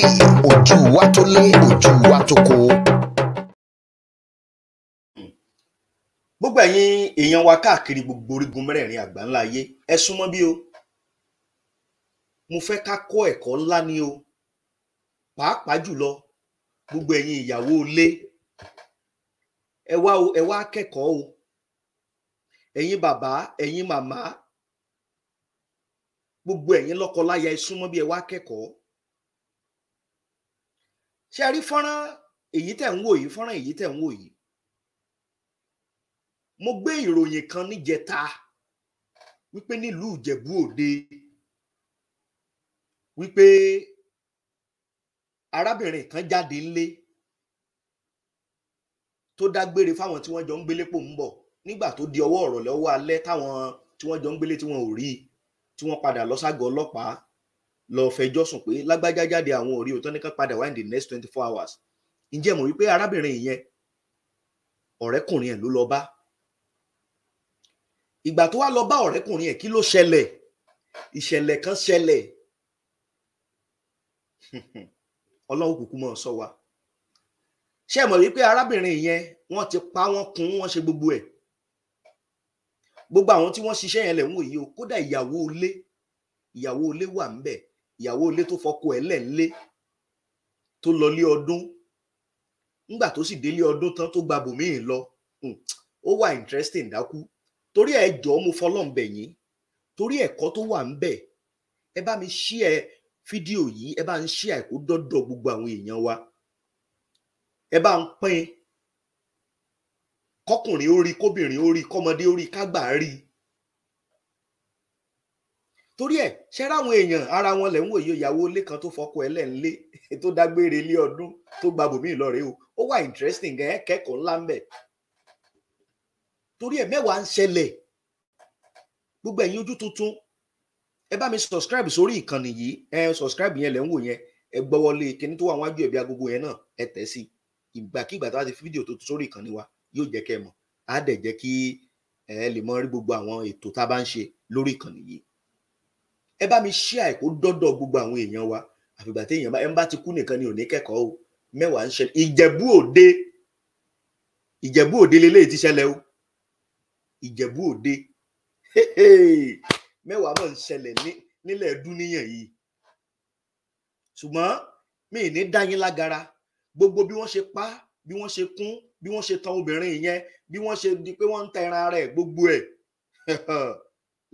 tv ojú wa tó lé ojú wa tó kó. gbogbo ẹ̀yin èèyàn wa káàkiri gbogbo orígun mẹ́rẹ̀ẹ̀rin àgbáńlá ayé ẹ súnmọ́ bí o mo fẹ́ ká kọ́ ẹ̀kọ́ ńlá ni o pàápàá jùlọ gbogbo ẹ̀yin ìyàwó ilé ẹ wá o ẹ wá kẹ́kọ̀ọ́ o ẹ̀yin bàbá ẹ̀yin màmá gbogbo ẹ̀yin lọ́kọ láya ẹ súnmọ́ bí ẹ wá kẹ́kọ̀ọ́ ṣe rí fọ́nrán èyí tẹ̀ ń wò yìí fọ́nrán èyí tẹ̀ ń wò yìí mo gbé ìròyìn kan níjẹta wípé nílùú Ìjẹ̀bú Òde wípé arábìnrin kan jáde ńlé tó dágbére fáwọn tí wọ́n jọ ń gbélé pò ń bọ̀ nígbà tó di ọwọ́ ọ̀rọ̀ lọ́wọ́ alẹ́ táwọn tí wọ́n jọ ń gbélé tí wọ́n ò rí tí wọ́n padà lọ ságọ́ ọlọ́pàá lọ fẹjọ́ sùn pé lágbájá jáde àwọn òrí òtọ́ nìkan padà wá in the next twenty four hours ǹjẹ́ mọ̀ wípé arábìnrin yẹn ọ̀rẹ́kùnrin ẹ̀ ló lọ bá ìgbà tó wá lọ bá ọ̀rẹ́kùnrin ẹ̀ kí ló ṣẹlẹ̀ ìṣẹ̀lẹ̀ kan ṣẹlẹ̀ ọlọ́run kúkú mọ̀ sọ wa ṣé mọ̀ wípé arábìnrin yẹn wọ́n ti pa wọ́n kún wọ́n ṣe gbogbo ẹ̀ gbogbo àwọn tí wọ́n ṣiṣẹ́ yẹn lẹ̀ ń wò yìí o kódà ìyàwó ilé ìyàwó ilé wà ńbẹ̀ ìyàwó ilé tó fọkọ ẹ̀ lẹ́ńlé tó lọlé ọdún ńgbà tó sì délé ọdún tán tó gba bòmíì lọ hmm, ó wà interesting dákú torí ẹ jọ̀ọ́ mo fọlọ́n bẹ̀ yín torí ẹ̀kọ́ tó wà ń bẹ̀ ẹ bá mi ṣí share fídíò yìí ẹ bá ń share kó dọ́dọ̀ gbogbo àwọn èèyàn wa ẹ bá ń pín kọkùnrin ó rí kóbìnrin ó rí kọmọdé ó rí kágbà rí i torí ẹ ṣe ráwọn èèyàn ara wọn lẹ ń wòye ìyàwó ilé kan tó fọkọ ẹ lẹ́ńlé tó dágbére ilé ọdún tó gba bòmí ìlọrin o ó wà interesting gan ẹ kẹ́kọ̀ọ́ ńlá ń bẹ̀ torí ẹ mẹ́wàá ń ṣẹlẹ̀ gbogbo ẹ̀yin ojú tuntun ẹ bá mi subscribe sórí ìkànnì yìí ẹ subscribe yẹn lẹ ń wò yẹn ẹ gbọ́wọ́lé kíní tó wà wájú ẹ̀bí agogo yẹn náà ẹ tẹ̀ sí ìgbàkigbà tó bá ti fi fídíò tuntun sórí ìkànnì wa yóò jẹ́ kẹ́ ẹ mọ̀ á dẹ̀ jẹ́ kí ẹ lè mọ rí gbogbo àwọn ètò tá a bá ń ṣe lórí ìkànnì yìí ẹ bá mi ṣí àìkú dọ́dọ̀ gbogbo àwọn èèyàn wa àfìgbà tí èèyàn bá ẹ ń bá ti kú nìkan ni ò ní kẹ́kọ̀ọ́ o mẹ́wàá ń ṣẹlẹ̀ ìjẹ̀bú òde ìjẹ̀bú òde lélẹ́yìí ti ṣẹlẹ̀ o ìjẹ̀bú òde mẹ́wàá mọ̀ ń ṣẹlẹ̀ nílẹ̀ dúníyàn yìí ṣùgbọ́n mi ní dáyín lágara gbogbo bí wọ́n ṣe pa bí wọ́n ṣe kún bí wọ́n ṣe tan obìnrin yẹn bí wọ́n ṣe di pé wọ́n ń ta ara ẹ̀ gbogbo ẹ̀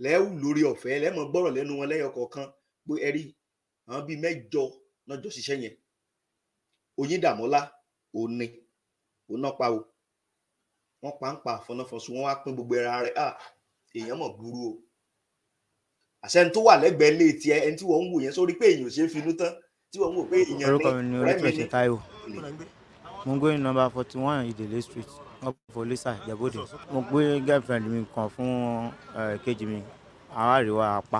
lẹ́wù lórí ọ̀fẹ́ lẹ́mọ̀ gbọ́rọ̀ lẹ́nu wọn lẹ́yọ kọ̀ọ̀kan pé ẹ rí àwọn bíi mẹ́jọ náà ṣiṣẹ́ yẹn Oyíndàmọ́lá òní òná o wọ́n pa ń pa àfọnáfọsùn wọ́n wá pín gbogbo ẹran rẹ̀ à ah, èèyàn mọ̀ burú o àṣẹ tó wà lẹ́gbẹ̀ẹ́ lé tiẹ̀ ẹni tí wọ́n ń wò yẹn sórí pé èèyàn ṣe é finú tán tí wọ́n ń wò pé èèyàn ní rẹ́mi ní. orúkọ mi ni orí tó ṣe Táíwò Munguyi number forty one Ìdèlè street ọ̀pọ̀lọ́sà ìjàbọ̀dé mo gbé girlfriend mi kan fún kejì mi àwárìwá apá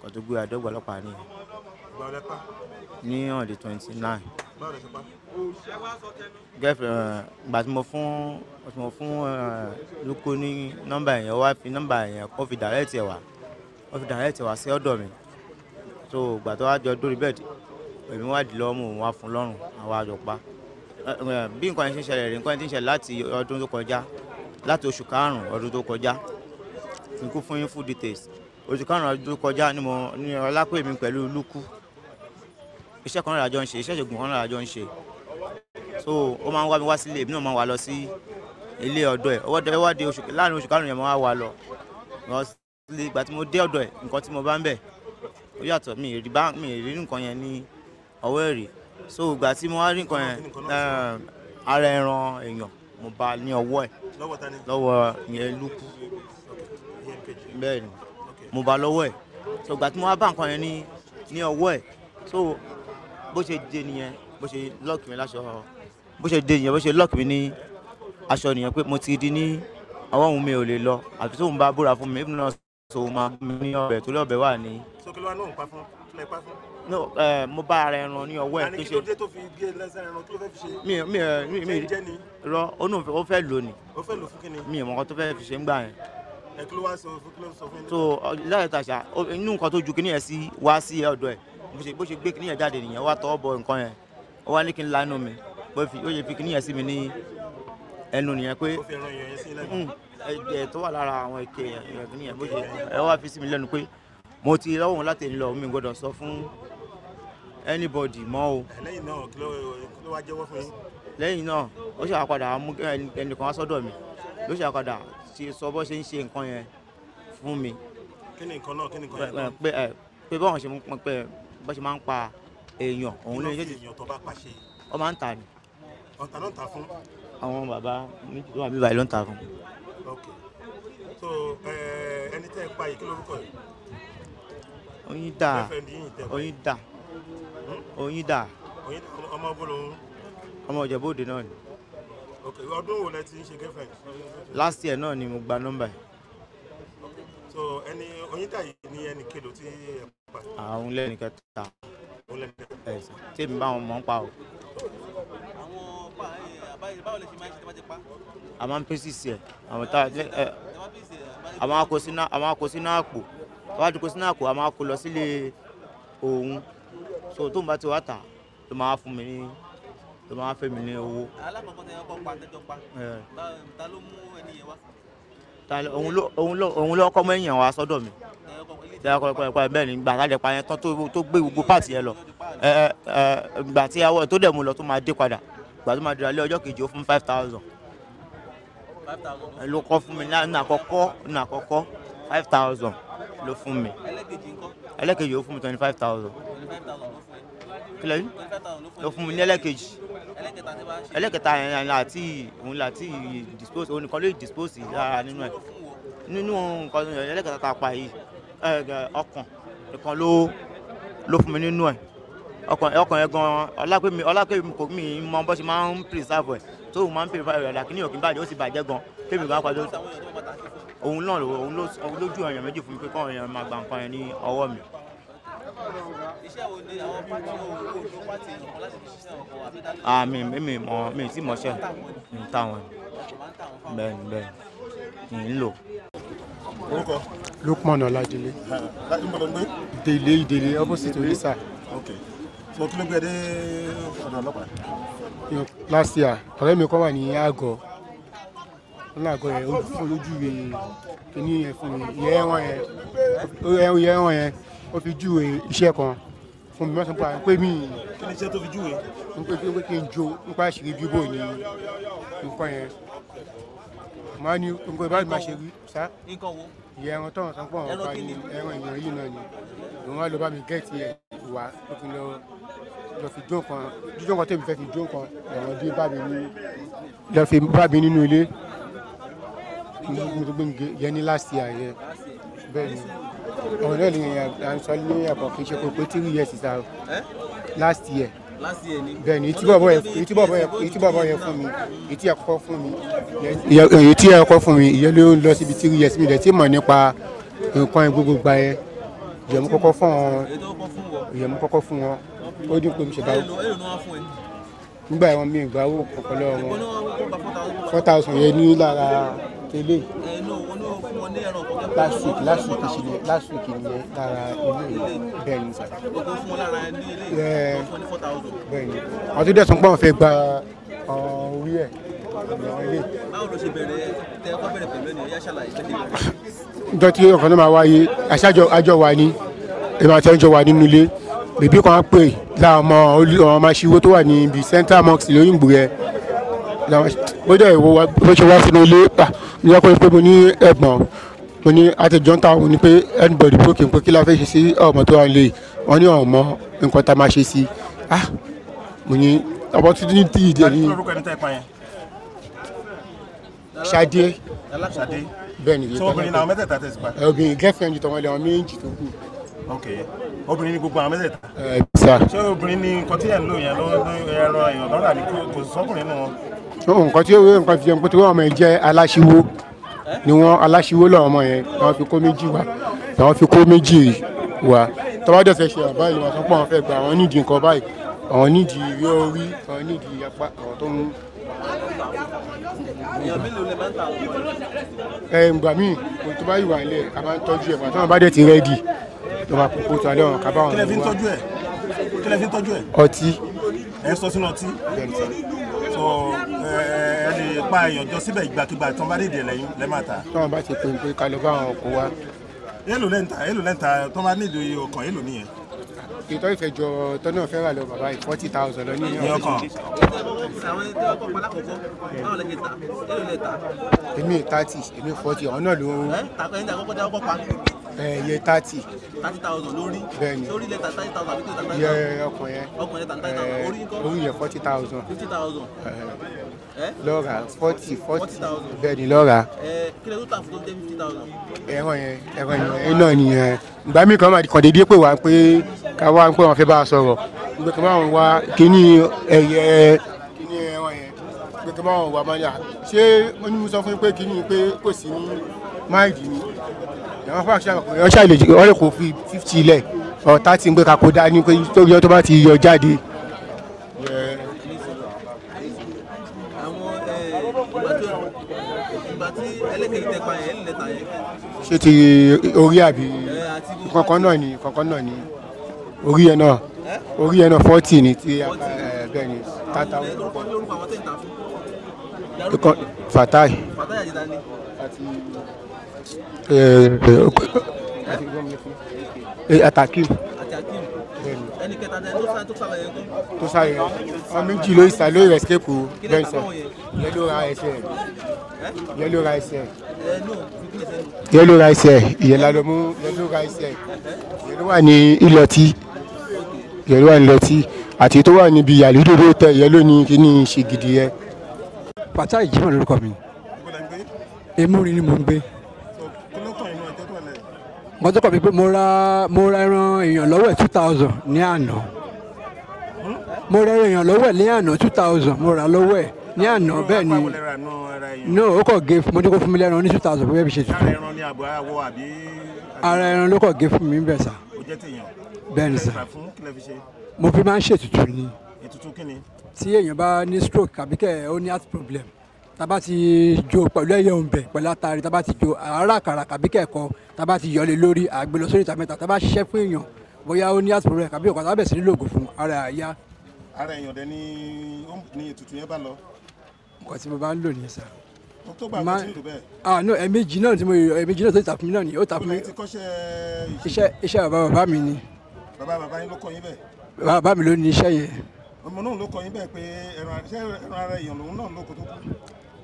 kan tó gbé àdọ́gba ọlọ́pàá ní ní on the twenty nine gbà tí mo fún tí mo fún lóko ní nọ́mbà yẹn wá fi nọ́mbà yẹn kó fi direct ẹ̀ wá wọ́n fi direct ẹ̀ wá sí ọ̀dọ̀ mi so gbà tó wá jọ dórí bẹ́ẹ̀dì èmi wá dì lọ́mù wá fún lọ́rùn àwa àjọpá bí nǹkan yẹn ṣe ń ṣẹlẹ̀ rí nǹkan yẹn ti ń ṣẹlẹ̀ láti ọdún tó kọjá láti oṣù karùn-ún ọdún tó kọjá nkú fún yín full details oṣù karùn-ún ọdún tó kọjá ni mo ní ọlápẹ̀ mi pẹ̀lú lukú iṣẹ́ kan náà làjọ ń ṣe iṣẹ́ ìṣègùn kan náà làjọ ń ṣe so ó máa ń wá mi wá sílé èmi náà máa wà lọ sí ilé ọ̀dọ̀ ẹ̀ ọwọ́ dẹ wá di oṣù láàrin oṣù karùn-ún yẹn máa wà lọ ìgbà tí mo dé ọ̀dọ̀ ẹ̀ nǹkan tí mo bá ń bẹ̀ ó yàtọ̀ mi ì rí nǹkan yẹn ní ọwọ́ èrè so ìgbà tí mo wá rí nǹkan yẹn eh, ara ẹran èèyàn mo bá ní ọwọ́ ẹ̀ lọ́wọ́ yẹn lúkú bẹ́ẹ̀ ni mo bá lọ́wọ́ ẹ̀ so ìgbà tí mo wá bá nǹkan yẹn ní ní ọwọ́ ẹ̀ so bó ṣe dé nìyẹn bó ṣe lọ́ọ̀kì mi láṣọ bó ṣe dé nìyẹn bó ṣe lọ́ọ̀kì mi ní aṣọ nìyẹn pé mo ti di ní ọwọ́ òun mi ò lè lọ àfi tóun bá búra fún mi ìbùnà sòun máa mú mi ní ọbẹ̀ torí ọbẹ̀ wà ní. sókè lọ́wọ́ náà ń pa fún no ẹ eh, mo bá ara ẹran ní ọwọ́ ẹ tó ṣe. àní kí ló dé tó fi gé lẹ́sẹ̀ ẹran kí ló fẹ́ fi ṣe. mi mi eh, mi mi rọ ó nù ó fẹ́ lò ní. mi ìmọ̀ tó fẹ́ fi ṣe ń gbà yẹn. ẹ kí ló wá sọ so láyé tàṣà inú nǹkan tó ju kíní yẹn sí wá sí ọ̀dọ̀ ẹ̀ bó ṣe bó ṣe gbé kíní yẹn jáde nìyẹn wá tọwọ́ bọ nǹkan yẹn ó wá ní kí n lanú mi bó fi ó yẹ fi kíní yẹn sí mi ní ẹnu nìyẹn pé ẹ̀jẹ̀ hmm, tó wà lára àwọn èké yẹn kíní yẹn bó ṣe ẹ fi sí mi lẹ́nu pé mo ti lọ́wọ́ wọn láti lọ mi gbọ́dọ̀ sọ fún anybody mọ́ o. lẹ́yìn náà kí ló wá jẹ́wọ́ fún yín. lẹ́yìn náà ó ṣe àpadà mú ẹnìkan wá sọ́dọ̀ mi ló ṣe àpadà sọ bó ṣe ń ṣe nǹkan yẹn fún mi. kí ni nǹkan náà kí ni nǹkan yẹn náà. pé pé báwọn ṣe mú pé bó ṣe máa ń pa èèyàn òun lè ṣe. kí ló fi èèyàn tó bá pàṣẹ. ó máa ń tà ní. ọ̀tá ló ń tà fún. àwọn bàbá méjì tó wà bíbá yìí ló ń tà fún. ok so ẹni tẹ́ ẹ pa yìí kí lórúkọ yìí oyin dà oyin dà oyin dà. ọmọ bolo ọmọ Ìjẹ̀bú Òde náà ni. ok ọdún wo lẹ ti ń ṣe girlfriend. last year náà ni mo gba nọ́mbà Ok, so ẹni oyin dà yìí ni ẹni kelo tí ẹ pa. àwọn lẹ́nu kẹta ẹ̀sìn tí èmi bá wọn mọ̀ ń pa o. àwọn báwo lè ṣe máa ń ṣe tí wọ́n ti pa. a máa ń pèsè sí ẹ àwọn tá a máa kó sínú àpò tó bá ju kó sínú àpò a máa kó lọ sílé òun so tóun bá ti wá tà ló máa fún mi ní ló máa fẹ́ mi ní owó. alákọ̀ọ́kọ́ tẹ ọkọ̀ pa tẹjọ pa ta ló mú ẹni yẹn wá. òun ló kọ́ mọ́ èèyàn wá sọ́dọ̀ mi tẹ ọkọ̀ ẹ̀kọ́ ẹ̀kọ́ ni gbà tá pa yẹn tán tó gbé gbogbo pààtì yẹn lọ gbà tí awọ tó dẹ̀ mú lọ tó máa dé padà gbà tó máa dé alẹ́ ọjọ́ kejì ó fún five thousand ló kọ́ fún mi ní àkọ́kọ́ ní àkọ́kọ́ five thousand. Lo fún mi ẹlẹ́kejì ó fún mi twenty five thousand kílẹ̀ yìí ló fún mi ní ẹlẹ́kejì ẹlẹ́kẹta yẹn láti òun láti dispose òun nìkan ló yìí dispose lára nínú ẹ̀ nínú nǹkan ẹlẹ́kẹta tá a pa yìí ọkàn nìkan ló ló fún mi nínú ẹ̀ ọkàn ọkàn yẹn gan ọlápẹ̀mí ọlápẹ̀mí kò mí mọ bó ṣe máa ń preserve ẹ̀ tó o máa ń preserve ẹ̀ làkínní òkè bàjẹ́ ó sì bàjẹ́ gan kébì bá pa lóṣù òun náà òun lójú ọ̀yàn méjì fún mi pé kọ́ ọ̀yàn máa gba nǹkan yẹn ní ọwọ́ mi. iṣẹ́ wo ni àwọn pátí owó tó pátí ìyọ̀kan láti fi ṣiṣẹ́ ọkọ̀ àbí dájú. àmì mi mọ mi tí mo ṣe ń táwọn bẹ́ẹ̀ ni bẹ́ẹ̀ ni ń lò. orúkọ. Lukman Ọládélé. láti mọ̀ opposite Olisa. ok so kí ló gbé dé ọ̀dọ̀ ọlọ́pàá. last year ọ̀rẹ́ mi kọ́ wà ní àgọ́ ńlàgọ yẹn ó fún lójú yẹn kìíní yẹn fún mi yẹ ẹwọn yẹn yẹ ẹwọn yẹn ó fi júwe iṣẹ́ kan fún mi mọ́sán pa pé mi. kí ni iṣẹ́ tó fi júwe. n pé pé kí n jo nípa àṣírí bíbò ní nǹkan yẹn màá ní nǹkan ìbáraẹni máa ṣe rí sá. nǹkan wo ìyá ẹran tọ̀hún sanpọ̀ ọ̀hún pa ni ẹran ìyàn yìí náà ni òun wá lọ bá mi gẹ̀ẹ́tì ẹ̀ wá ló fi lọ lọ fi jó kan jíjó kan tèmi fẹ́ fi jó kan ẹ̀wọ̀n dé bá mi nínú ilé mo last year yẹn bẹ́ẹ̀ ni ọ̀rọ̀ náà ni à ń sọ ní ẹ̀kọ́ ṣe pé three years sá last year bẹ́ẹ̀ ni etí bọ̀bọ̀ yẹn etí bọ̀bọ̀ yẹn etí bọ̀bọ̀ yẹn fún mi etí ẹ̀ kọ́ fún mi etí ẹ̀ kọ́ fún mi ìyẹn ló ń lọ síbi three years mi dẹ̀ tí mọ̀ nípa nǹkan gbogbo gba yẹn ìyẹn mú kọ́kọ́ fún wọn ìyẹn kọ́kọ́ fún wọn ó dín pé mi ṣe dáwọ́ nígbà yẹn wọn mi ìgbà owó kọ̀ọ̀kan lọ́wọ́ wọn four thousand yẹn ní lára tẹ́lẹ̀ last week last week ìyẹn lára ilé bẹ́ẹ̀ ni sà. bẹ́ẹ̀ ni àwọn tó dẹ̀ tún pọ̀ fẹ́ gba orí ẹ̀ báwo ló ṣe bẹ̀rẹ̀ náà máa wáyé aṣáájọ àjọ wa ni èmi àti ẹnjọ wa nínú ilé bèbí kan pè láwọn ọmọ ọmọ tó wà ní ibi central mosque lóyìnbó yẹn ó dẹ̀ wo bó ṣe wá sínú ilé pa ní ọkùnrin pé mo ní ẹ̀gbọ́n mo ní àtẹ̀jọ́ ń ta òun ni pé anybody broken pé kí la fẹ́ ṣe sí ọmọ tó wà lè wọ́n ní ọmọ nǹkan tá a máa ṣe sí ah mo ní opportunity ìdí ẹ̀rí. ṣadé bẹ́ẹ̀ ni yìí obìnrin làwọn mẹ́tẹ̀ẹ̀ta tẹ̀sí pa. obìnrin girlfriend tọmọ ilé àwọn méjì tó kù. ok obìnrin ni gbogbo àwọn mẹ́tẹ̀ẹ̀ta. ẹ ṣá. ṣé obìnrin ni nǹkan tí ẹ̀ ń lò yẹn ló ń lo ẹran ẹ̀yàn lọ́rà ní kò sọ́kùnrin nù wọn nǹkan tí ó wé nǹkan fi jẹun pé tí wọ́n ọmọ yẹn jẹ́ aláṣiwó ni wọ́n aláṣiwó lọ́wọ́ ọmọ yẹn àwọn fi kó méjì wá àwọn fi kó méjì wá tọ́wọ́ dọ̀sẹ̀ ṣe àbá ìlú wọn sọ pé àwọn fẹ́ gba àwọn nídìí nǹkan báyìí àwọn nídìí ìwé orí àwọn nídìí apá àwọn tó ń. ẹ ǹgbà míì kò tó bá yìí wà ilé a máa ń tọ́jú ẹ̀ pàtó àwọn bá dẹ̀ ti rẹ́ẹ̀dì tó máa kó kó tó alẹ́ ọ̀run kábàwọn. kílẹ̀ fi ń tọ́jú ẹ̀ ọtí. ẹ sọ sínú ọtí sọ ẹni pa ìyànjọ síbẹ̀ ìgbàkigbà tí wọ́n bá dìde é lọ bá àwọn ọkọ̀ wa. èlò lẹ́ǹta tí wọ́n bá nílò ọkàn èlò nìyẹn. ìtọ́ ìfẹ̀jọ tọ́nà fẹ́ rà lọ bàbá yìí forty thousand lọ ní ọkàn. èmi thirty èmi forty ọ̀hún náà ló ń ẹyẹ eh, thirty. thirty thousand lórí. bẹ́ẹ̀ni lórí lẹ́tà thirty thousand àbí tẹ̀tà thirty thousand. yẹ ọkùnrin yẹn. ọkùnrin lẹ́tà thirty thousand eh, orí nǹkan. orí yẹn forty thousand. fifty thousand. Eh, lọ́ra forty forty bẹ́ẹ̀ni lọ́ra. kílẹ̀ tó tà fún tó jẹ́ fifty thousand. ẹ̀rọ yẹn ẹ̀rọ yẹn ẹ̀ náà nìyẹn ìgbà mi kan máa kàn déédéé pé wá pé ká wá pé wọn fẹ́ bá a sọ̀rọ̀ ìgbà kan máa ń wá kíní ẹ̀yẹ kíní ẹ̀rọ yẹn ìgbà kan máa ń wá máa ń yà ṣé onímọ̀ sọ fún pé kíní pé kò sí ní máìlì ni àwọn fún àṣà àkùnrin ọṣà lè wọ́n lè kó fi fifty ilẹ̀ ọ̀tá ti ń gbé kakó dání pé torí ọtọ́ bá ti yọ jáde. Eh, ṣé ti orí àbí eh, kankan náà ni kankan náà ni orí ẹ náà eh? orí ẹ náà forty ni ti bẹ́ẹ̀ ni tata fatai. Eh, eh, atakim ẹni kẹta tẹ tó sábà yẹn kọ. tó sábà yẹn ọmọ méjì ló ìsà ló ìrẹsì kéku bẹ́ẹ̀ sọ yẹn ló ra ẹsẹ̀ yẹn ló ra ẹsẹ̀ yẹn ló ra ẹsẹ̀ ìyẹn la lọ mú yẹn ló ra ẹsẹ̀ yẹn ló wà ní ìlọtí yẹn ló wà ní ìlọtí àti tó wà níbi àlídòdò tẹ yẹn ló ní kí ni ṣe gidi yẹn. pàtàkì jimoh lórúkọ mi èmúrin ni mò ń gbé nǹkan tó kọ̀ mí pé mo ra mo ra ẹran èèyàn lọ́wọ́ ẹ̀ two thousand ní àná mo ra ẹran èèyàn lọ́wọ́ ẹ̀ ní àná two thousand mo ra lọ́wọ́ ẹ̀ ní àná bẹ́ẹ̀ ni no ó kọ̀ gé mo ní kó fún mi lẹ́ran ní two thousand bóyá bí ṣe tuntun ara ẹran ló kọ̀ gé fún mi bẹ́ẹ̀ sà bẹ́ẹ̀ ni sà mo fi máa ń ṣètùtù ni tí èèyàn bá ní stroke àbíkẹ́ ó ní heart problem taba ti jo pẹ̀lú ẹyẹ òǹbẹ̀ pẹ̀lú atari tábà ti jó ara àkàrà àbí kẹ̀kọ́ tábà ti yọlé lórí àgbélọ sórí ìta mẹ́ta tábà ṣiṣẹ́ fún èèyàn bóyá ó ní àtúrò rẹ̀ àbí ọ̀kan tábà sí nílò ògùn fún ara àyà. ara èèyàn dẹ ni ni ètùtù yẹn bá lọ. nǹkan tí mo bá ń lò nìyẹn sá. october kò tí ì lò bẹ́ẹ̀. ah no ẹ̀ẹ̀mejì náà tí mo ẹ̀ẹ̀mejì náà tó tà fún mi náà ni ó tà fún mi. iṣẹ́ bàbá bàbá mi ni. bàbá bàbá yín ló kọ́ yín bẹ́ẹ̀. bàbá mi ló ní iṣẹ́ yẹn. ọmọ náà ló kọ́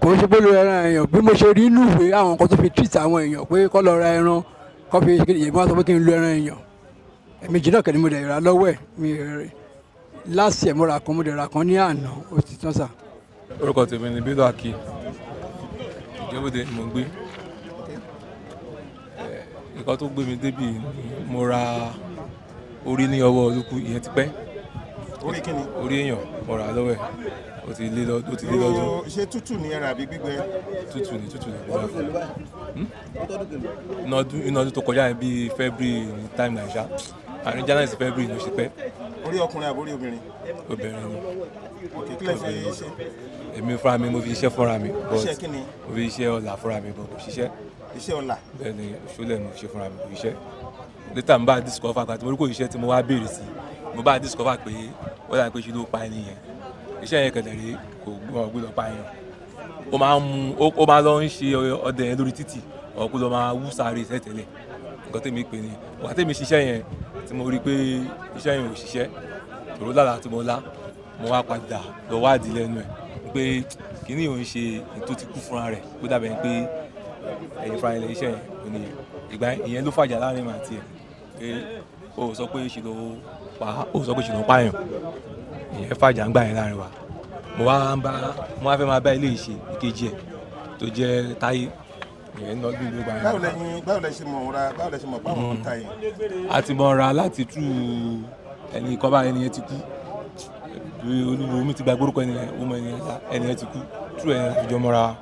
kò ń ṣe pé lóra ẹran èèyàn bí mo ṣe rí inú ìwé àwọn nǹkan tó fi treat àwọn èèyàn pé kọ́ lọ ra ẹran kọ́ fi ìyẹ̀bí wọn sọ pé kí n lo ẹran èèyàn ẹ̀mí jìnnà kẹ́ni mo dẹ̀ ra lọ́wọ́ ẹ̀ mi rẹ̀ láti ẹ̀ mo ra kan mo dẹ̀ ra kan ní àná ó ti tán sà. orúkọ tèmi ni bílọ̀ àkì ìjẹ́bọ̀dé mo gbé nǹkan tó gbé mi débì mo ra orí ní ọwọ́ olúkú ìyẹn ti pẹ́ orí èèyàn mo ra lọ́wọ́ ẹ̀ ó ti lé lọ́dún ó ti lé lọ́dún. ṣé tútù ni ẹran àbí gbígbẹ. tútù ni tútù ni gbígbẹ fún un. inú ọdún tó kọjá yẹn bíi february time naija àárín january sí february ló ṣe pẹ́. orí ọkùnrin àbórí obìnrin. obìnrin ni. òkè kílẹ̀ fi ṣe. èmi fúnra mi mo fi iṣẹ́ fúnra mi. iṣẹ́ kí ni. mo fi iṣẹ́ ọ̀la fúnra mi bọ̀ kò ṣiṣẹ́. iṣẹ́ ọ̀la. bẹ́ẹ̀ ni ṣọlẹ̀ mo ṣe fúnra mi kò ṣiṣẹ́. létà mo bá discover pàtó mo rí kò ṣiṣẹ́ tí mo wá béèrè sí mo bá discover pé ó dà pé ṣe ló pa ẹni yẹn iṣẹ́ yẹn kẹ̀dẹ̀ rèé kò gbọ́dọ̀ pa yẹn ó máa ń mu ó máa lọ ń ṣe ọdẹ yẹn lórí títì ọ̀kú lọ máa wú sáré iṣẹ́ tẹ́lẹ̀ nǹkan tèmi pè ní ọ̀gá tèmi ṣiṣẹ́ yẹn tí mo rí i pé iṣẹ́ yẹn ò ṣiṣẹ́ tòró lára tí mo lá mo wá padà lọ wádìí lẹ́nu ẹ̀ pé kíní òun ṣe ètò ti kú fúnra rẹ̀ pé dàbẹ̀ pé ẹ̀yin fúnra ilẹ̀ iṣẹ́ yẹn ò ní ìgbà ìyẹn ló fàjà láàrin màtí ẹ̀ pé o sọ pé ṣì ló pa o sọ pé ṣì ló pààyàn ìyẹn fàjà ń gbà yẹn láàrin wa mo wá ń bá mo wá fẹ́ máa bá ilé ìṣe ìkejì ẹ̀ tó jẹ́ táyé ìyẹn ń lọ bí ìlú gbàyàn. báwo lẹ báwo lẹ ṣe mọ̀ ọ́ra báwo lẹ ṣe mọ̀ báwọn ń ta yẹn. a ti mọ ọra láti tú ẹni kọ́ba ẹni yẹn ti kú olúwo mi ti gba gbórúkọ ẹni yẹn ẹni yẹn ti kú tú ẹni yẹn mọ́ra wa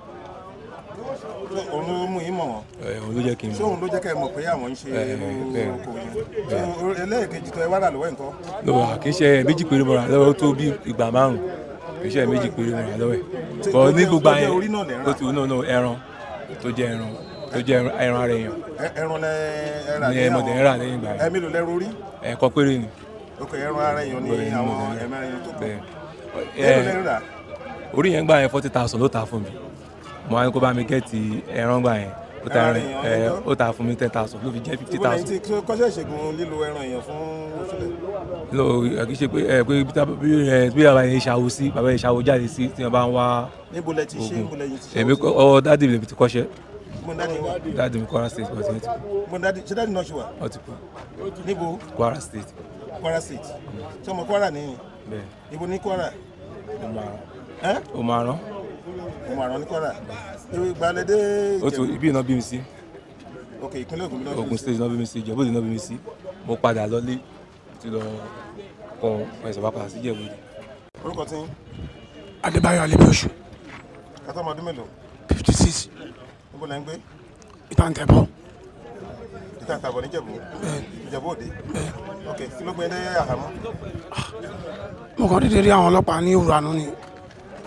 òun ló mú yín mọ̀ wọ́n. òun ló jẹ́ kí n mọ̀. sóun ló jẹ́ kẹ́ ẹ mọ̀ pé àwọn ń ṣe irú oko yẹn. ẹlẹ́ẹ̀kejì tó ẹ wá rà lọ́wọ́ nǹkan. lọ́wọ́ kì í ṣe méjì péré mọ́ra lọ́wọ́ tó bí ìgbà márùn-ún kì í ṣe méjì péré mọ́ra lọ́wọ́ ẹ̀. bọ̀ ní gbogbo ayẹyẹ ó ti nù ẹran tó jẹ́ ẹran tó jẹ́ ẹran ara èèyàn. ẹran lẹ ẹran lẹ́yìn ọmọdé ẹran lẹ́yìn ìgbà yẹn. ẹ̀mí ló lẹ́rú rí. ẹ̀kọ́ péré ni. ok ẹran ara èèyàn ni àwọn ẹ̀mí ara èèyàn tó kù. orí yẹn gbà yẹn forty thousand ló ta fún mi mo wá ní kó bá mi gẹ̀ẹ́tì ẹran gbà yẹn ó ta ẹran ẹ ó ta fún mi ten thousand ló fi jẹ́ fifty thousand. ìbò lẹ́yìn tí kọ́ṣẹ́ ìṣègùn lílo ẹran èèyàn fún oṣùlẹ̀. lo kì í ṣe pé ẹ pé bí ẹ bí bàbá yẹn ṣàwo sí bàbá yẹn ṣàwo jáde sí tí wọn bá ń wá. níbo lẹ ti ṣe níbo lẹ ti ṣe. èmi ọwọ́ dáàdì mi lè ti kọ́ṣẹ́. dáàdì mi Kwara State bọ̀tí ẹ̀tì. ṣé dáàdì náà ṣe wà. ọtí kù. níbo. Kwara State. Kwara State. sọmọ Kwara nìyí. bẹ́ẹ̀. ibo ní Kwara. ó máa rán. ó máa rán mo máa ràn ní kọ́ra ewé gbalẹ̀dẹ́ ìjẹ̀bú. o tún ibi iná bí mi sí. ok ìpínlẹ̀ Ògùn náà bí mi sí. Ògùn state náà bí mi sí ìjẹ̀bú náà bí mi sí mo padà lọ́lé ti lọ kọ ẹ̀sẹ̀ bá padà sí ìjẹ̀bú. orúkọ tí. Adébáyọ̀ Alẹ́bíoṣù. kátàmọ́ ọdún mélòó. fifty six. níbo la ń gbé. ìtàǹtẹ̀bọ̀. ìtàǹtẹ̀bọ̀ níjẹ̀bú. ìjẹ̀bú òde. ok kí ló gbé dé ah, mo kàn dédé rí àwọn ọlọ́pàá ní òwúrọ̀ àná ni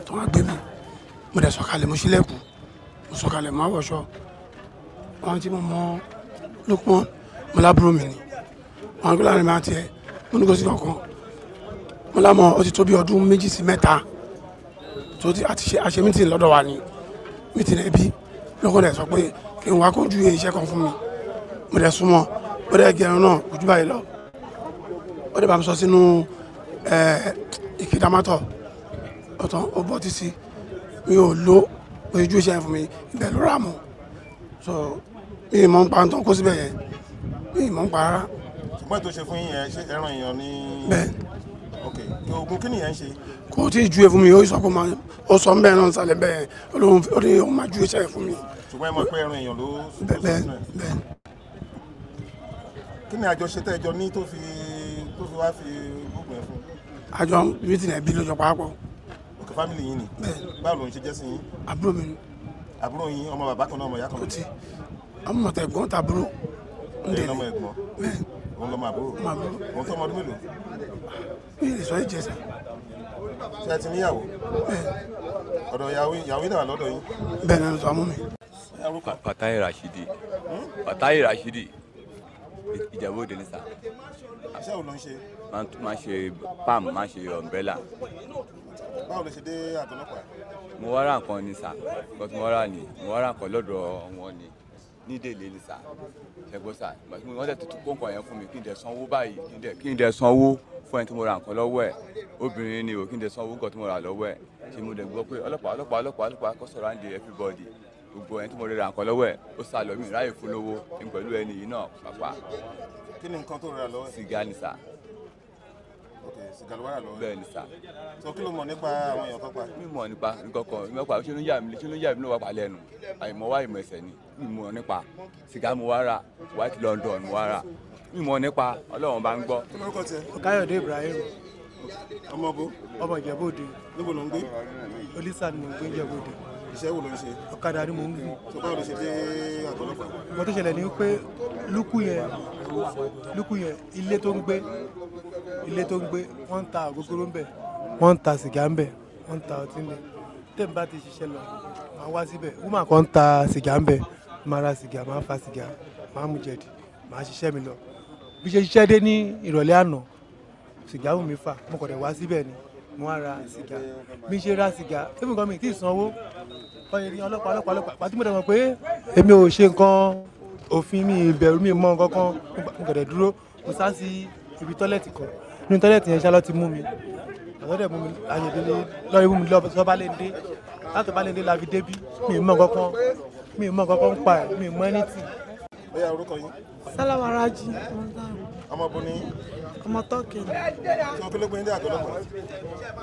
tó wá gbé mi mo dẹ̀ sọ̀kalẹ̀ mo ṣílẹ̀kù mo sọ̀kalẹ̀ mo àwọ̀ṣọ wọn tí mo mọ Lukman mo lábúrò mi ni wọn gbé láàrin máa tiẹ̀ mo ní kó sí kankan mo lámọ ó ti tó bí ọdún méjì sí mẹ́ta ti àti ṣe àṣẹ mítìn lọ́dọ̀ wa ni mítìn ẹbí lọ́kọ̀ dẹ̀ sọ pé kí n wá kójú iṣẹ́ kan fún mi mo dẹ̀ súnmọ́ mo dẹ̀ gẹrun náà ojú báyìí lọ ó dẹ̀ bá mi sọ sínú ìkìdámátọ̀ ọ̀tọ̀ ó bọ́ ti sí mi ò lo ojú iṣẹ́ fún mi ibẹ̀ ló rà mọ́ so mi ì mọ̀ ń pa tán kó síbẹ̀ yẹn mi ì mọ̀ ń rárá. ṣùgbọ́n ètò ṣe fún yẹn ṣé ẹran èèyàn ní. bẹ́ẹ̀ ok oògùn kí nìyẹn ṣe. kò tí ì ju ẹ fún mi ó sọ pé ó sọ ń bẹ́ẹ̀ náà sálẹ̀ bẹ́ẹ̀ olóhùn ó ní òun máa ju iṣẹ́ fún mi. ṣùgbọ́n ẹ mọ̀ pé ẹran èèyàn ló. bẹ́ẹ̀ bẹ́ẹ̀ kí ni àjọṣe tẹ́jọ ní tó fi tó fi wá fi gbógun ẹ̀ fún. àjọ mítìnì ẹbí ló pàápọ̀ fámìlì yín ni báwo ló ń ṣe jẹ́ sí yín. àbúrò mi ni. àbúrò yín ọmọ bàbá kan náà ọmọ ìyá kan ọtí àwọn mọ̀tà ẹ̀gbọ́n ta àbúrò. ẹ̀yin lọ́mọ ẹ̀gbọ́n òun lọ́mọ àbúrò òun tó ọmọ ọdún mélòó. mi ò lè jẹ sá. ṣé ẹ ti níyàwó. ọ̀dọ̀ yàwó yìí náà lọ́dọ̀ yín. bẹ́ẹ̀ ni ọ̀sán mú mi. Fatai Rashidi hmm? Fatai Rashidi Ìjẹ̀bú Òde ni sá. iṣẹ́ wo ló ń ṣe. máa ń ṣe palm máa ń ṣe umbrella báwo lè ṣe dé àgọ́ ọlọ́pàá. mo wá ra nǹkan ni sà but mo wá ra ni mo wá ra nǹkan lọ́dọ̀ wọn ni ní délé ni sà ṣẹgbọ́n sà wọ́n tẹ̀ tuntun kó nǹkan yẹn fún mi kí n dẹ̀ sanwó báyìí kí n dẹ̀ sanwó fún ẹni tí mo ra nǹkan lọ́wọ́ ẹ̀ obìnrin ni ò kí n dẹ̀ sanwó nǹkan tí mo ra lọ́wọ́ ẹ̀ ṣé mo dẹ̀ gbọ́ pé ọlọ́pàá ọlọ́pàá ọlọ́pàá ọlọ́pàá kọ́ sọ̀rọ̀ àǹdí everybody gbogbo ẹni tí mo ra nǹkan lọ́wọ́ ẹ̀ ó sá lọ ráyè fún lówó ní pẹ̀lú ẹni yìí náà pàápàá. kí ni nǹkan tó ra lọ́wọ́ sìgá ni sà Gàlúwárà lọ́wọ́. bẹ́ẹ̀ ni sà. sọ kí ló mọ̀ nípa àwọn èèyàn kan pa. mi mọ̀ nípa nǹkan kan nípa pa ṣé ló ń yà mí ṣé white London mo wá rà mi mọ̀ Ibrahim. ọmọ bo. ọmọ Ìjẹ̀bú Òde. ni mo ń gbé Ìjẹ̀bú iṣẹ́ wo ló ń ṣe. ọ̀kadà ni mò ń gùn. tó báwo ló ṣe dé àgọ́lọ́pàá. mo tó ṣẹlẹ̀ ni pé lukú yẹn lukú yẹn ilé tó ń gbé ilé tó ń gbé wọ́n ń ta àgógóró ń bẹ̀ wọ́n ń ta sìgá ń bẹ̀ wọ́n ń ta ọtí ń bẹ̀ tẹ́mi bá ti ṣiṣẹ́ lọ màá wá síbẹ̀ wúmà kan ń ta sìgá ń bẹ̀ màá ra sìgá màá fa sìgá màá mu jẹ̀dì màá ṣiṣẹ́ mi lọ bí ṣe ṣiṣẹ́ dé ní ìrọ̀lẹ́ àná sìgá wù mí fà mo kọ̀ wá síbẹ̀ ni wọ́n á ra sìgá mi ṣe ra sìgá èmi kan mi kì í sanwó ọyẹ ní ọlọ́pàá ọlọ́pàá ọlọ́pàá pàtó mo dẹ̀ mọ̀ pé èmi ò ṣe nǹkan òfin mi ìbẹ̀rù mi mọ́ nǹkan kan mo gẹ̀dẹ̀ dúró mo sá sí ibi tọ́lẹ̀tì kan nínú tọ́lẹ̀tì yẹn ṣálọ́ ti mú mi àtọ́dẹ̀ mú mi ayọ̀dẹ́lẹ́ lọ́ọ́ mú mi lọ sọ́ba lẹ́ndé láti bá lẹ́ndé la fi débí mi mọ́ nǹkan kan mi mọ́ nǹkan kan pa ẹ̀ mi mọ́ ẹni tì. ó yá orúkọ yín. sálámà rájí. ọmọ ọmọ tọ́kì ni.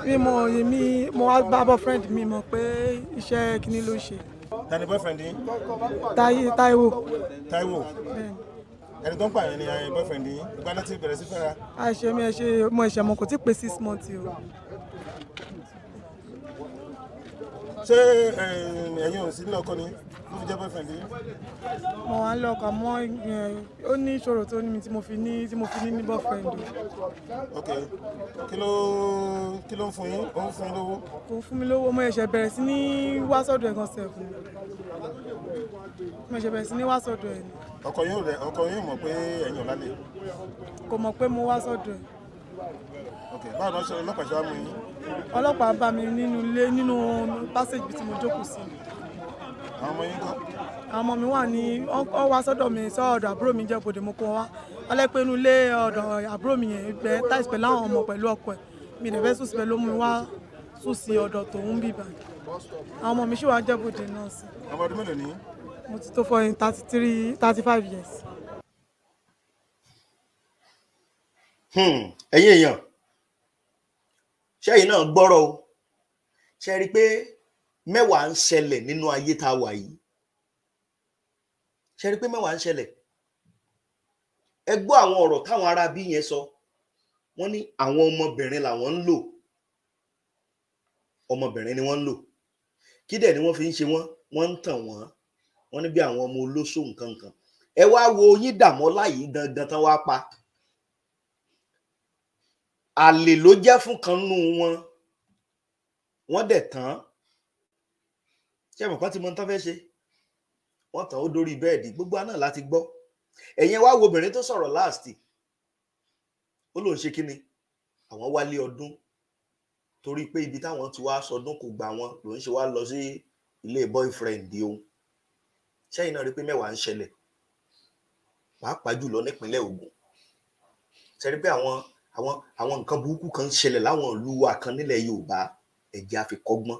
bí mo yìí mi mo wá bá boyfriend mi mọ̀ pé iṣẹ́ kínní ló ṣe. ta ni boyfriend yín. Taiwo. Taiwo. ẹni tó ń pààyàn ni àyàn eh, boyfriend yín ìgbà náà ti bẹ̀rẹ̀ sí fẹ́ra. àṣẹ mi ẹ ṣe mo ẹ̀ṣẹ̀ mo kò tí ì pé six months o. ṣé eh, ẹ̀yin ò sí nílò ọkọ ni mo wá ń lọ ọkọ àmọ́ ó ní ìṣòro tó ní mi tí mo fi ní tí mo fi ní ní boyfriend. ok kí ló kí ló ń fún yín ó ń fún yín lówó. kò fún mi lówó mo ẹ̀ṣẹ̀ bẹ̀rẹ̀ sí ní wá sọ́dọ̀ ẹ̀gàn sẹ̀fù mo ẹ̀ṣẹ̀ bẹ̀rẹ̀ sí ní wá sọ́dọ̀ ẹ̀. ọkọ yóò rẹ ọkọ yóò mọ̀ pé ẹ̀yin ò lálẹ́. kò mọ̀ pé mo wá sọ́dọ̀ ẹ̀ báwo ló ń ṣe ọlọ́pàá ṣe wá mú yín. ọlọ́pàá bá mi nínú ilé nínú pásẹ̀jì tí mo jókòó sí àwọn ọmọ yín kọ́. àwọn ọmọ mi wà ní ọ wá sọ́dọ̀ mi sọ ọ̀dọ̀ àbúrò mi jẹ́ bòde mo kọ́ wa alẹ́ pé inú ilé ọ̀dọ̀ àbúrò mi yẹn gbẹ táìsì pẹ̀lú àwọn ọmọ pẹ̀lú ọkọ ẹ̀ mi dẹ̀ fẹ́ sùn sí pẹ̀lú mi wá sùn sí ọ̀dọ̀ tòun bíbá àwọn ọmọ mi sì wá jẹ́ bòde náà sí. ọmọ ọdún mélòó ni. mo ti tó fọ in thirty three thirty five years. Hmm, ẹ̀yin èèyàn ṣẹ́yìn náà gbọ́rọ̀ o ṣe rí i pé mẹ́wàá ń ṣẹlẹ̀ nínú ayé tá a wà yìí ṣe rí i pé mẹ́wàá ń ṣẹlẹ̀ ẹ gbọ́ àwọn ọ̀rọ̀ táwọn ará bí yẹn sọ wọ́n ní àwọn ọmọbìnrin làwọn ń lò ọmọbìnrin ni wọ́n ń lò kí dẹ̀ ni wọ́n fi ń ṣe wọ́n wọ́n ń tàn wọ́n wọ́n ní bí àwọn ọmọ olóṣò nǹkan kan ẹ wá wo yín dàmọ́lá yìí gangan tán wá pa àlè ló jẹ́ fún kan nù wọn wọ́n dẹ̀ tán ṣé mọ̀kàn ti mọ tán fẹ́ ṣe wọ́n tàn ó dórí bẹ́ẹ̀dì gbogbo àná láti gbọ́ ẹ̀yẹn wá wo obìnrin tó sọ̀rọ̀ láàstì ó lóun ṣe kíni àwọn wálé ọdún torí pé ibi táwọn ti wá sọdún kò gbà wọn lòun ṣe wá lọ sí ilé boyfriend òun ṣẹ́yìn náà rí pé mẹ́wàá ń ṣẹlẹ̀ pàápàá jùlọ nípínlẹ̀ Ògùn ṣẹ́rí pé àwọn àwọn àwọn nǹkan burúkú kan ń ṣẹlẹ̀ láwọn ìlú wa kan nílẹ̀ Yorùbá ẹ̀jẹ̀ àfikọ́gbọ́n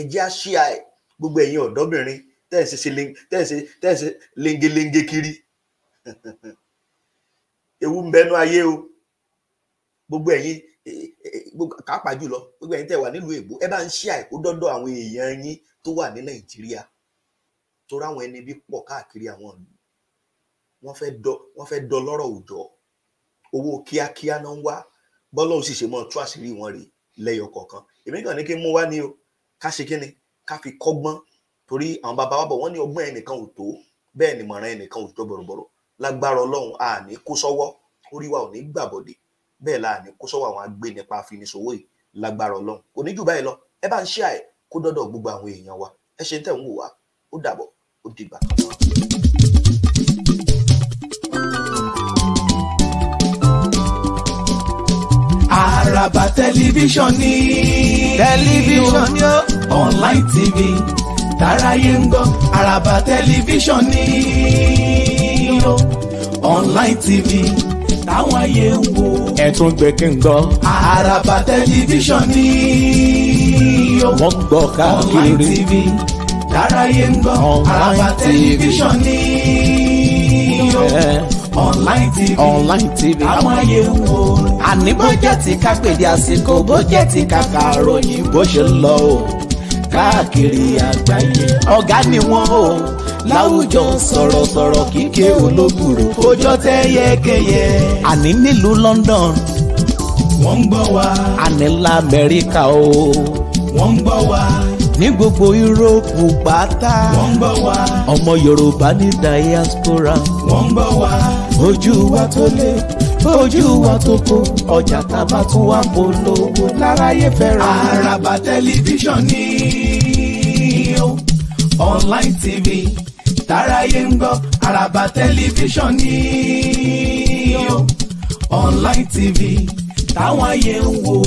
ẹ̀jẹ̀ àṣìá ẹ̀ gbogbo ẹ̀yin ọ̀dọ́bìnrin tẹ́ẹ̀sì ṣe tẹ́ẹ̀sì tẹ́ẹ̀sì lengelenge kiri ewu ń bẹnu ayé o gbogbo ẹ̀yin e, e, e, pàápàá jùlọ gbogbo ẹ̀yin tẹ́ wà nílùú èbó ẹ bá ń ṣe àìkú dọ́dọ̀ àwọn èèyàn yín tó wà ní nàìjíríà torí àwọn ẹni bí pọ̀ káàkiri àwọn ìlú wọ́n fẹ́ dọ wọ́n fẹ́ dọ lọ́rọ̀ òòjọ́ owó kíákíá náà ń wá bọ́lọ́ òsì ṣe mọ́ tú àṣírí wọn rè lẹ́yọ kọ̀ọ̀kan èmi kàn ní kí n mú wá ní o ká ṣe kí ni ká fi kọ́gbọ́n torí àwọn bàbá wa bọ̀ wọ́n ní ọgbọ́n ẹnìkan ò tó bẹ́ẹ̀ ni mọ̀ràn ẹnìkan ò tó bọ̀rọ̀bọ̀rọ̀ lágbára ọlọ́run a ní kó sọ́wọ́ orí wa ò ní gbàbọ̀dé bẹ́ẹ̀ la ní kó sọ́wọ́ àwọn agbénipa afiniṣòwò yìí lágbára ọlọ́run kò ní jù báyìí lọ ẹ bá ń ṣe àì kó dọ́dọ̀ gbogbo àwọn èèyàn wa ẹ ṣe ń tẹ̀ ń ó dàbọ̀ ó dìgbà kan náà. àràbà tẹlifíṣàn ni. tẹlifíṣàn ni ó. online tv tàráyé ń gbọ́ àràbà tẹlifíṣàn ni online tv táwọn ayé ń wo. ẹ̀tún gbẹ̀kẹ̀ ń gbọ́. àràbà tẹlifíṣàn ni wọ́n gbọ́ káàkiri. online tv tàráyé ń gbọ́ àràbà tẹlifíṣàn ni online tv online tv táwọn ayé ń wo àní bó jẹ́ ti ká pèdé àsìkò bó jẹ́ ti ká kàròyìn bó ṣe lọ o káàkiri àgbáyé ọ̀gá ni wọ́n o láwùjọ sọ̀rọ̀sọ̀rọ̀ kíkẹ́ olóbùrò ọjọ́ tẹ́ yẹ́kẹ́yẹ́. àní nílùú London. wọ́n ń gbọ́ wa. àní la Amẹ́ríkà o. wọ́n ń gbọ́ wa. ní gbogbo Yúróòpù pátá. wọ́n ń gbọ́ wa. ọmọ Yorùbá ní diaspora. wọ́n ń gbọ́ wa. ojú wa tó lé ojú wa tó kó ọjà tá a bá tún wá polówó láráyé fẹ́ràn. àràbà tẹlifíṣàn ni ó online tv táráyé ń gbọ́ àràbà tẹlifíṣàn ni ó online tv táwọn ayé ń wò.